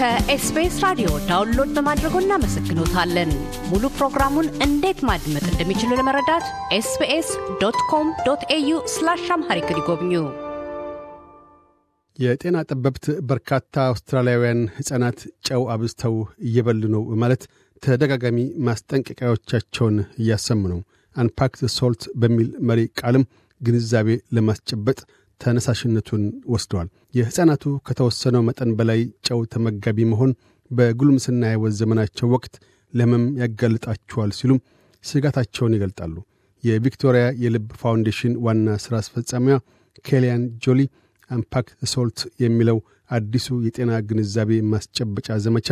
ከኤስቢኤስ ራዲዮ ዳውንሎድ በማድረጎ እናመሰግኖታለን። ሙሉ ፕሮግራሙን እንዴት ማድመጥ እንደሚችሉ ለመረዳት ኤስቢኤስ ዶት ኮም ዶት ኤዩ ስላሽ አምሃሪክ ይጎብኙ። የጤና ጠበብት በርካታ አውስትራሊያውያን ሕፃናት ጨው አብዝተው እየበሉ ነው በማለት ተደጋጋሚ ማስጠንቀቂያዎቻቸውን እያሰሙ ነው። አንፓክት ሶልት በሚል መሪ ቃልም ግንዛቤ ለማስጨበጥ ተነሳሽነቱን ወስደዋል። የሕፃናቱ ከተወሰነው መጠን በላይ ጨው ተመጋቢ መሆን በጉልምስና የወዝ ዘመናቸው ወቅት ለህመም ያጋልጣቸዋል ሲሉም ስጋታቸውን ይገልጣሉ። የቪክቶሪያ የልብ ፋውንዴሽን ዋና ሥራ አስፈጻሚዋ ኬልያን ጆሊ አምፓክት ሶልት የሚለው አዲሱ የጤና ግንዛቤ ማስጨበጫ ዘመቻ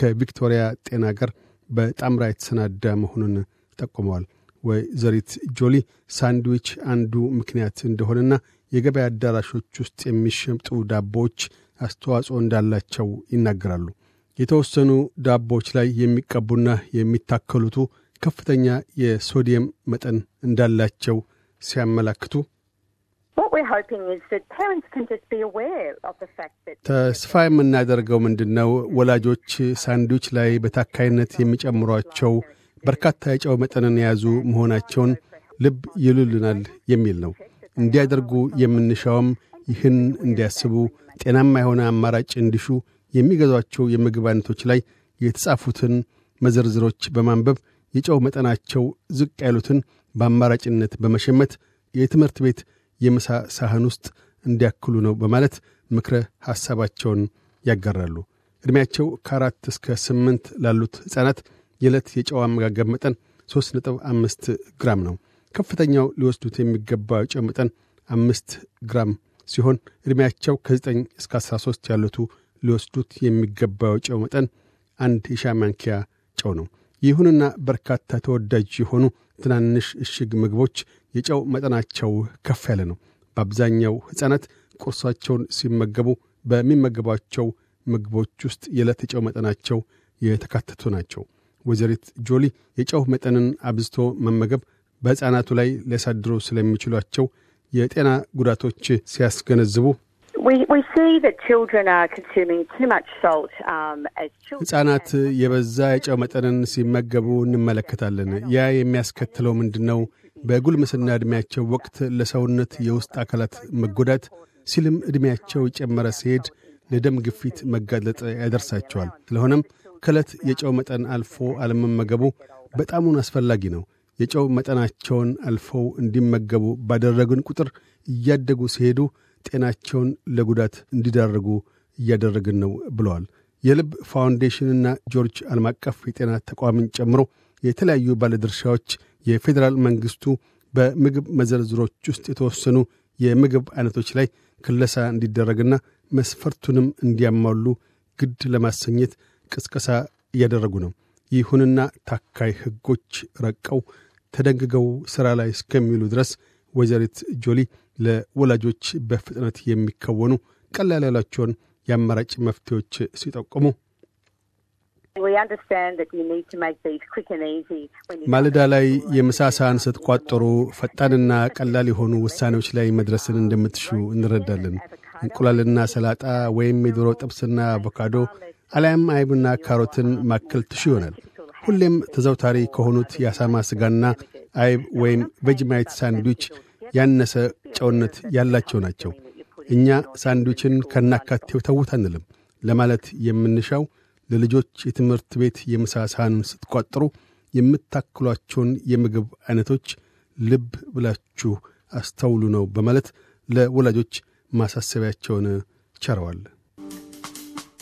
ከቪክቶሪያ ጤና ጋር በጣምራ የተሰናዳ መሆኑን ጠቁመዋል። ወይዘሪት ጆሊ ሳንድዊች አንዱ ምክንያት እንደሆነና የገበያ አዳራሾች ውስጥ የሚሸምጡ ዳቦዎች አስተዋጽኦ እንዳላቸው ይናገራሉ። የተወሰኑ ዳቦዎች ላይ የሚቀቡና የሚታከሉቱ ከፍተኛ የሶዲየም መጠን እንዳላቸው ሲያመላክቱ ተስፋ የምናደርገው ምንድን ነው? ወላጆች ሳንዲዎች ላይ በታካይነት የሚጨምሯቸው በርካታ የጨው መጠንን የያዙ መሆናቸውን ልብ ይሉልናል የሚል ነው። እንዲያደርጉ የምንሻውም ይህን እንዲያስቡ፣ ጤናማ የሆነ አማራጭ እንዲሹ፣ የሚገዟቸው የምግብ አይነቶች ላይ የተጻፉትን መዘርዝሮች በማንበብ የጨው መጠናቸው ዝቅ ያሉትን በአማራጭነት በመሸመት የትምህርት ቤት የምሳ ሳህን ውስጥ እንዲያክሉ ነው በማለት ምክረ ሐሳባቸውን ያጋራሉ። ዕድሜያቸው ከአራት እስከ ስምንት ላሉት ሕፃናት የዕለት የጨው አመጋገብ መጠን 3.5 ግራም ነው። ከፍተኛው ሊወስዱት የሚገባው የጨው መጠን አምስት ግራም ሲሆን ዕድሜያቸው ከ9 እስከ 13 ያሉቱ ሊወስዱት የሚገባው ጨው መጠን አንድ የሻይ ማንኪያ ጨው ነው። ይሁንና በርካታ ተወዳጅ የሆኑ ትናንሽ እሽግ ምግቦች የጨው መጠናቸው ከፍ ያለ ነው። በአብዛኛው ሕፃናት ቁርሳቸውን ሲመገቡ በሚመገቧቸው ምግቦች ውስጥ የዕለት የጨው መጠናቸው የተካተቱ ናቸው። ወይዘሪት ጆሊ የጨው መጠንን አብዝቶ መመገብ በሕፃናቱ ላይ ሊያሳድሩ ስለሚችሏቸው የጤና ጉዳቶች ሲያስገነዝቡ um, ሕፃናት የበዛ የጨው መጠንን ሲመገቡ እንመለከታለን። ያ የሚያስከትለው ምንድን ነው? በጉልምስና ዕድሜያቸው ወቅት ለሰውነት የውስጥ አካላት መጎዳት ሲልም ዕድሜያቸው የጨመረ ሲሄድ ለደም ግፊት መጋለጥ ያደርሳቸዋል። ስለሆነም ከዕለት የጨው መጠን አልፎ አለመመገቡ በጣሙን አስፈላጊ ነው። የጨው መጠናቸውን አልፈው እንዲመገቡ ባደረግን ቁጥር እያደጉ ሲሄዱ ጤናቸውን ለጉዳት እንዲዳረጉ እያደረግን ነው ብለዋል። የልብ ፋውንዴሽንና ጆርጅ ዓለም አቀፍ የጤና ተቋምን ጨምሮ የተለያዩ ባለድርሻዎች የፌዴራል መንግሥቱ በምግብ መዘርዝሮች ውስጥ የተወሰኑ የምግብ አይነቶች ላይ ክለሳ እንዲደረግና መስፈርቱንም እንዲያሟሉ ግድ ለማሰኘት ቅስቀሳ እያደረጉ ነው። ይሁንና ታካይ ሕጎች ረቀው ተደንግገው ሥራ ላይ እስከሚውሉ ድረስ ወይዘሪት ጆሊ ለወላጆች በፍጥነት የሚከወኑ ቀላል ያሏቸውን የአማራጭ መፍትሄዎች ሲጠቁሙ ማለዳ ላይ የምሳ ሰዓን ስትቋጠሩ ፈጣንና ቀላል የሆኑ ውሳኔዎች ላይ መድረስን እንደምትሹ እንረዳለን። እንቁላልና ሰላጣ ወይም የዶሮ ጥብስና አቮካዶ አሊያም አይብና ካሮትን ማከል ትሹ ይሆናል። ሁሌም ተዘውታሪ ከሆኑት የአሳማ ሥጋና አይብ ወይም ቬጅማይት ሳንዱች ያነሰ ጨውነት ያላቸው ናቸው። እኛ ሳንዱችን ከናካቴው ተውት አንልም። ለማለት የምንሻው ለልጆች የትምህርት ቤት የምሳ ሳህኑን ስትቋጥሩ የምታክሏቸውን የምግብ አይነቶች ልብ ብላችሁ አስተውሉ ነው በማለት ለወላጆች ማሳሰቢያቸውን ቸረዋል።